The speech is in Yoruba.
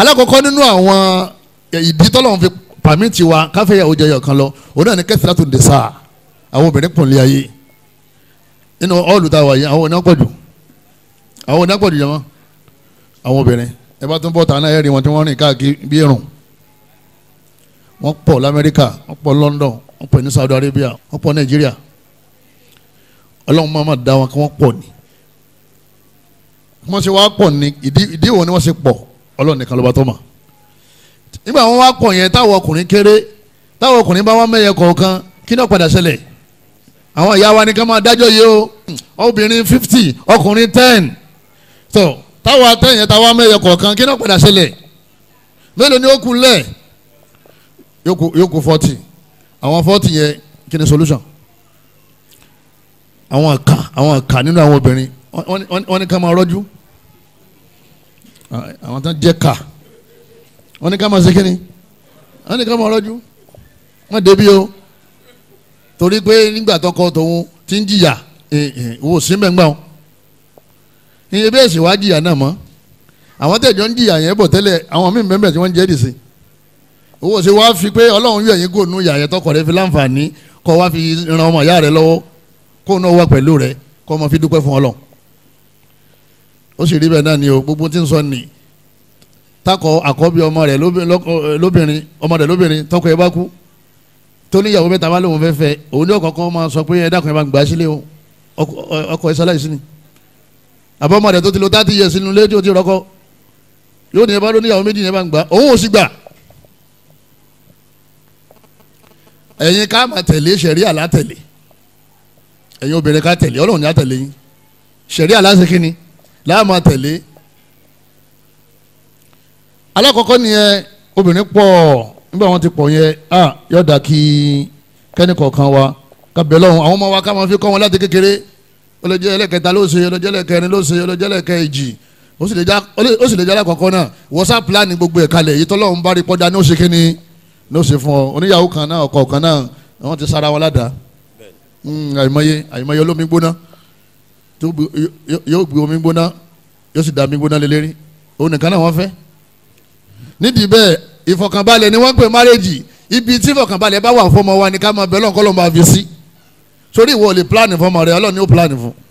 alákọ̀ọ́kọ́ nínú àwọn e, ìdí tọ́lọ́run fi pàmìtì wa káfíyàwó jẹyọ kan lọ òun náà ní kẹsìlá tó ń dè sáà àwọn obìnrin pọ̀nlé ayé nínú ọ́ọ̀lù tá a wà yìí àwọn oní ọ̀pọ̀jù àwọn oní ọ̀pọ̀jù jẹ́mọ́ àwọn obìnrin ẹ bá tún bọ́ tà náà ẹ rí wọn tí wọ́n rìn káàkiri bí irun wọ́n pọ̀ lamẹ́ríkà wọ́n pọ̀ London wọ́n pọ̀ ní Saudi Arabia wọ́n pọ̀ Nàìjíríà ọlọ́run máa ma da wọn kí wọ́n pọ̀ ni wọ́n ṣe wá pọ̀ ni ìdí ìdí wo ni wọ́n ṣe pọ̀ ọlọ́run nìkan ló bá tó mọ̀ nígbà wọn wá kọ̀ yẹn táwọn ọkùnrin kéré táwọn ọkùnrin bá wọn mẹ́yẹ kọ̀ọ̀kan kí náà padà ṣẹlẹ̀ àwọn ìyá wa ní ká máa dájọ́ yìí o hmm, obìnrin fifty ọkùnrin ten tó táwọn ten yẹn táwọn mẹ́yẹ kọ̀ọ̀kan kí náà padà ṣẹlẹ̀ mélòó ni ó kù lẹ̀ yóò kù forty àwọn forty yẹn kí ni solution àwọn kan àwọn kan nínú àwọn obìnrin wọ́n ní ká máa rọ́jú àwọn tán jẹ́ ká wọ́n ní ká máa ṣe kínní wọ́n ní ká máa rọ́jú wọ́n débi o torí pé nígbà tọkọ tòun ti ń jìyà eh, eh, wò sí mẹ́ngbà o ní ebi èsì wá jìyà náà mọ́ àwọn tẹ̀jọ́ ń jìyà yẹn bọ̀ tẹ́lẹ̀ àwọn míì mẹ́mẹ́ tí wọ́n ń jẹ́ dìsí owó ṣe wá fi pé ọlọ́run yóò yín kó nu yàyẹ tọkọ rẹ fi láǹfààní kó wá fi ran ọmọ ìyá rẹ lọ́wọ́ kó náà wá pẹ̀lú rẹ kó ọmọ fi dúpẹ́ fún ọlọ́run ó sì rí bẹ́ẹ̀ náà ni o gbogbo tí ń sọ nì takọ àkọ́bí ọmọ rẹ̀ lóbìnrin ọmọ rẹ̀ lóbìnrin tọkọ ẹ bá kú tó níyàwó mẹ́ta wá lóun fẹ́ fẹ́ òun ní ọ̀kọ̀ọ̀kan máa sọ pé ẹ dákun ẹ máa gbà sílé o ọkọ ẹ sáláì sí ni àbọ̀mọ rẹ̀ tó ti lo thirty years sínú lédí ó ti rọ́kọ yóò ní ẹ bá ló níyàwó méjì yẹn bá gbà òun ò sì gbà ẹ̀yin ká máa tẹ̀lé sẹ̀rí àlá tẹ̀lé ẹ̀yin obìnrin ká tẹ̀lé ọlọ́run ní àtẹ̀lé yín sẹ̀rí àlá ṣe kí láàmú àtẹ̀lé alákọ̀ọ́kọ́ nìyẹn obìnrin pọ̀ nígbà wọn ti pọ̀ yẹn a yọ̀dà kí kẹ́nìkọ̀ọ̀kan wa kábẹ̀ lọ́hùn àwọn ọmọ wa ká máa fi kọ́ wọn láti kékeré ọlọ́jẹ́ ẹlẹ́kẹta ló ṣe ọlọ́jẹ́ ẹlẹ́kẹrin ló ṣe ọlọ́jẹ́ ẹlẹ́kẹjì ó sì lè jẹ́ alákọ̀ọ́kọ́ náà wọ́sá pílánì gbogbo ẹ̀ kalẹ̀ tọ́lọ́hún bá rí pọ́dà ní ó ṣe kan náà ọkọ kan náà wọ́n ti sara wọn ládàá àìmọye olómi gbóná yóò gbé omi gbóná yóò sì da omi gbóná lé lérí òun nìkan náà wọ́n fẹ́ nídìí bẹ́ẹ̀ ìfọ̀kànbalẹ̀ ni wọ́n pè márẹ́jì ibi tí ìfọ̀kànbalẹ̀ bá wà fọmọ wa ni ká máa bẹ Ọlọ́run kọ́ ló máa fi sí sórí ìwọ lè pílánì fọmọ rẹ Ọlọ́run ni ó pílánì fún un